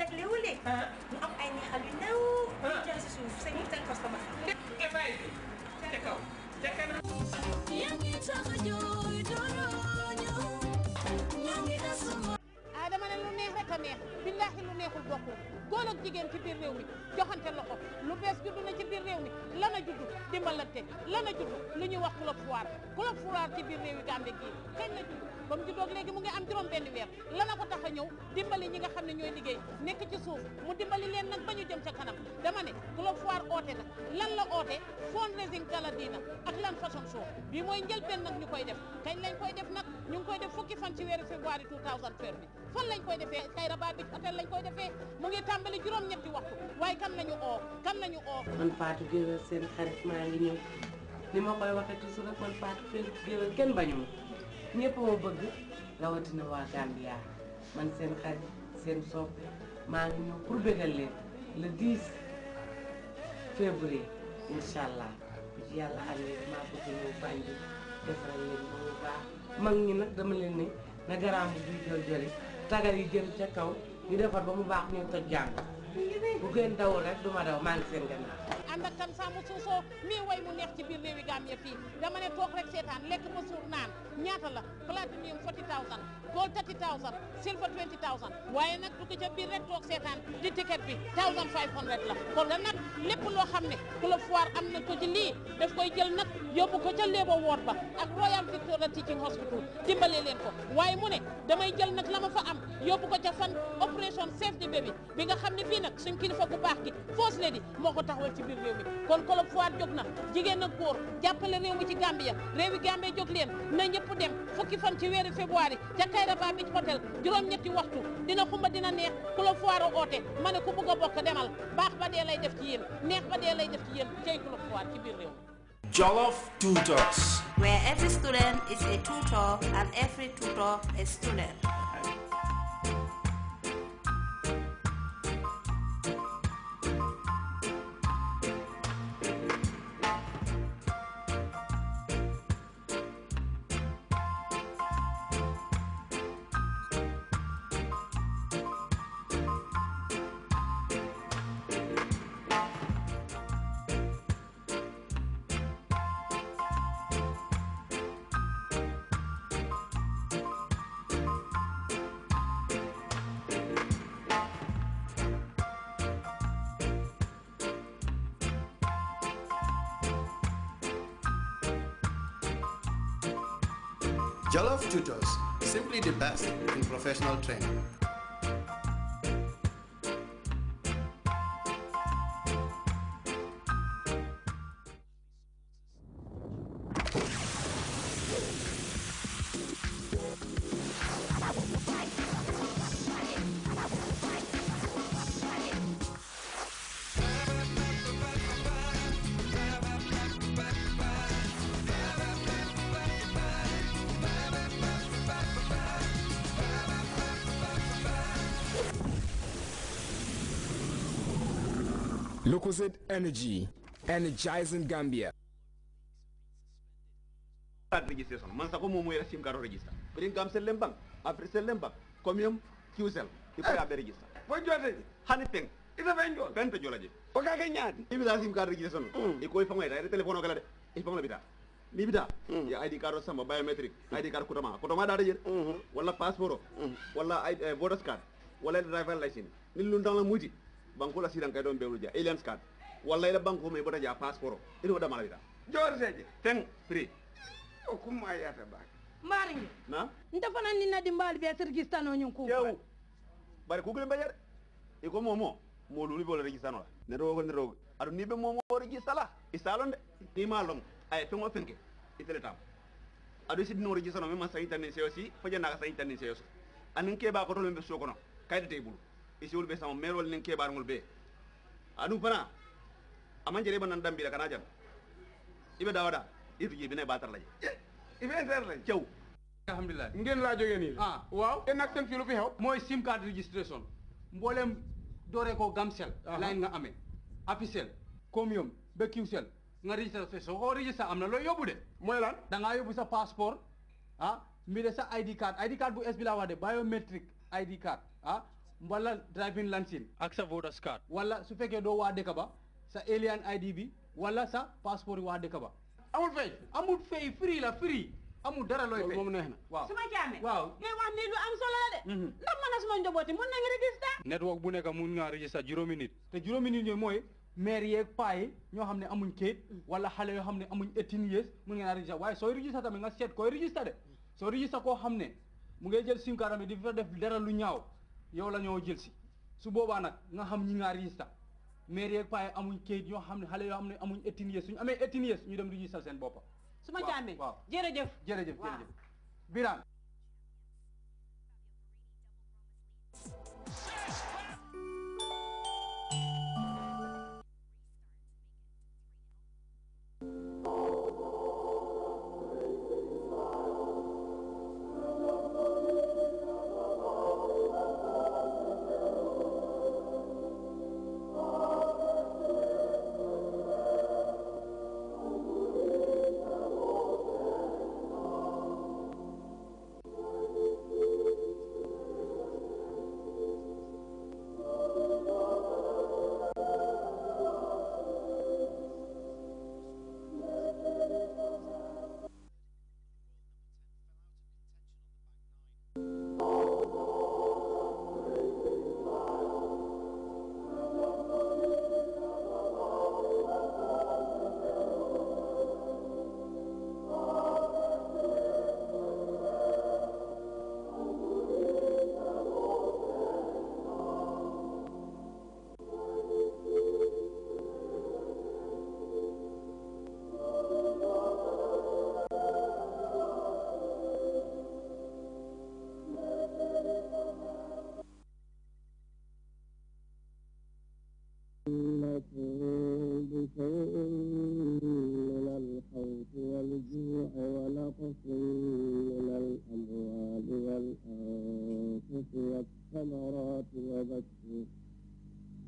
nag léeg-léeg. mu am ay neexal yu néew. yu jaar si suuf seen seen ngi tax a jooy dooroo ñëw ñoo ngi des sama. ah ne lu neex rek a neex billaahi lu neexul bokkul góor ak jigéen ci biir réew mi joxante loxo lu bees juddu ci biir réew mi lan juddu dimbalante lan juddu lu ñuy wax club foire club foire ci biir réew yi Gambie gii kañ juddu. ba mu juddoo léegi mu ngi am juróom benn weer lana ko tax a ñëw dimbali ñi nga xam ne ñooy liggéey nekk ci suuf mu dimbali leen nag ba ñu jëm ca kanam dama ne Globe Foire oote nag lan la oote fundraising gala diina ak lan fashion show bi mooy njëlbeen nag ñu koy def kañ lañ koy def nag ñu ngi koy def fukki fan ci weeru février 2012 bi fan lañ koy defee Kairaba Beach Hotel lañ koy defee mu ngi tàmbali juróom-ñetti waxtu waaye kan lañu oo kan lañu oo man Fatou Gueye seen xarit maa ngi ni ma koy waxee toujours rek man Fatou Gueye kenn bañu ma ñëpp ma bëgg rawatina waa Gambia man seen xarit seen soppe maa ngi ñëw pour bégal leen le 10 février incha allah yàlla amee maa bëgg ñëw Banjul defaral leen ba mu baax mag ñi nag dama leen ni na garaam bu buy jël yi jëm ca kaw ñu defar ba mu baax ñu toj jàng bu gën dawul rek duma daw maa ngi seen gannaaw ànd ak tan sàmm suusoo mii way mu neex ci biir réewi Gambie fii dama ne toog rek seetaan lekk ma suur naan ñaata la platinium forty thousand go thirty thousand silver twenty thousand waaye nag dugg ca biir rek toog seetaan di ticket bi thousand five hundred la nag lépp loo xam ne club foire am na ko ci daf koy jël nag yóbbu ko ca Labour Ward ba ak Royal Victoria Teaching Hospital dimbale leen ko waaye mu ne damay jël nag la fa am yóbbu ko ca fan opération Save the Baby bi nga xam ne fii nag suñ kilifa gu baax gi First Lady moo ko taxawal ci biir réew kon club foire jóg na jigéen ak góor jàppale réew mi ci Gambia réewi Gambia jóg leen Kairaba Beach Hotel juróom-ñetti waxtu a lay def Where every student is a tutor and every tutor a student. Jollof Tutors, simply the best in professional training. Lucozid Energy, energizing Gambia. registration man sa ko mo moy sim karo register prin kam sel lembang afri sel lembang comium qsel di ko abe register eh, bo jote hani peng ita ben jol ben to jolaje o ka ganya ibi la sim hmm. karo registration e ko fa moy dai telephone kala de e fa ni bita hmm. ya id card sama biometric id card kutama kutama da de hmm. wala passport wala eh, voters card wala driver license ni lu la muti banko la sidan kay don ja aliens card kan? wallahi la banko may bota ja passeport iri wada vida jor seje teng pri o kuma ya ta ba mari na nda fana ni na dimbal be sirgistan o nyun ko yow bari ku gulen bayar e ko momo mo lulu bo la registan la ne ko ne ro adu ni be momo registala isalon de ni malom ay fe mo fenke itele tam adu sid no registano me man internet ni seyosi fajana ka internet se aussi anin ke ba ko to be so kayde te bulu isiwol be sama merol nin keɓargol be anum fana aman jere ɓanan dambiɗa kana jam iɓe dawaɗa itu jibina e batarlaje ife interlaje cew alhamdulillah ngeen laa jógee nii ah waaw te nag dem fi xew mooy sim card registration mbooleem dooree ko gamsel laay nga amee afisel comium ba kiwsel nga registré soo ko registré am na looy yóbbu de mooy lan da yóbbu sa passeport ah de sa ID card ID card bu es bi laa wala driving license ak sa voters card wala su fekkee doo waa dëkk ba sa alien ID bi wala sa passeport yi waa dëkk ba. amul fay amul fay free la free amul dara looy fay moom neex waaw su ma caamee waaw am solo la de mhm. a suma njabooti bu nekk mun nga register juróomi nit te juróomi nit mooy maire yeeg paa ñoo xam ne amuñ kayit mm. wala xale yoo xam ne amuñ eighteen years mun ngeen a register waaye sooy register tamit nga seet koy register de soo register koo xam ne mu ngay jël sim card di fa def dara lu ñaaw yow la ñoo jël si su boobaa nag nga xam ñi ngaa register maire yeeg paa amuñ kayit yoo xam ne xale yoo xam ne amuñ eighteen years suñu amee eighteen years ñu dem register seen boppa su ma caamee jërëjëf jërëjëf jërëjëf Birane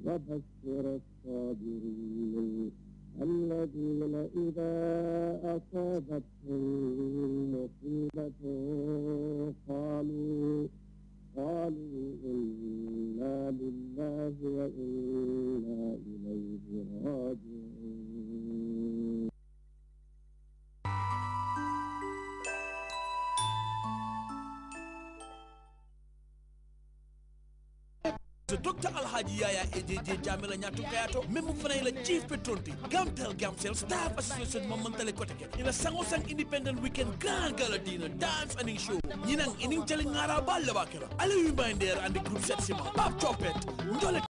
وبشر الصابرين الذين إذا أصابتهم مصيبة قالوا قالوا إنا لله وإنا Haji Yaya AJJ Jammeh la ñattu kayato même la chief petronti gamtel gamsel staff association mo mantale kote ke ila sango sang independent weekend grand gala dinner dance and show ñinang inin tele ngara balle bakela ali reminder and the set sima pap chopet ndole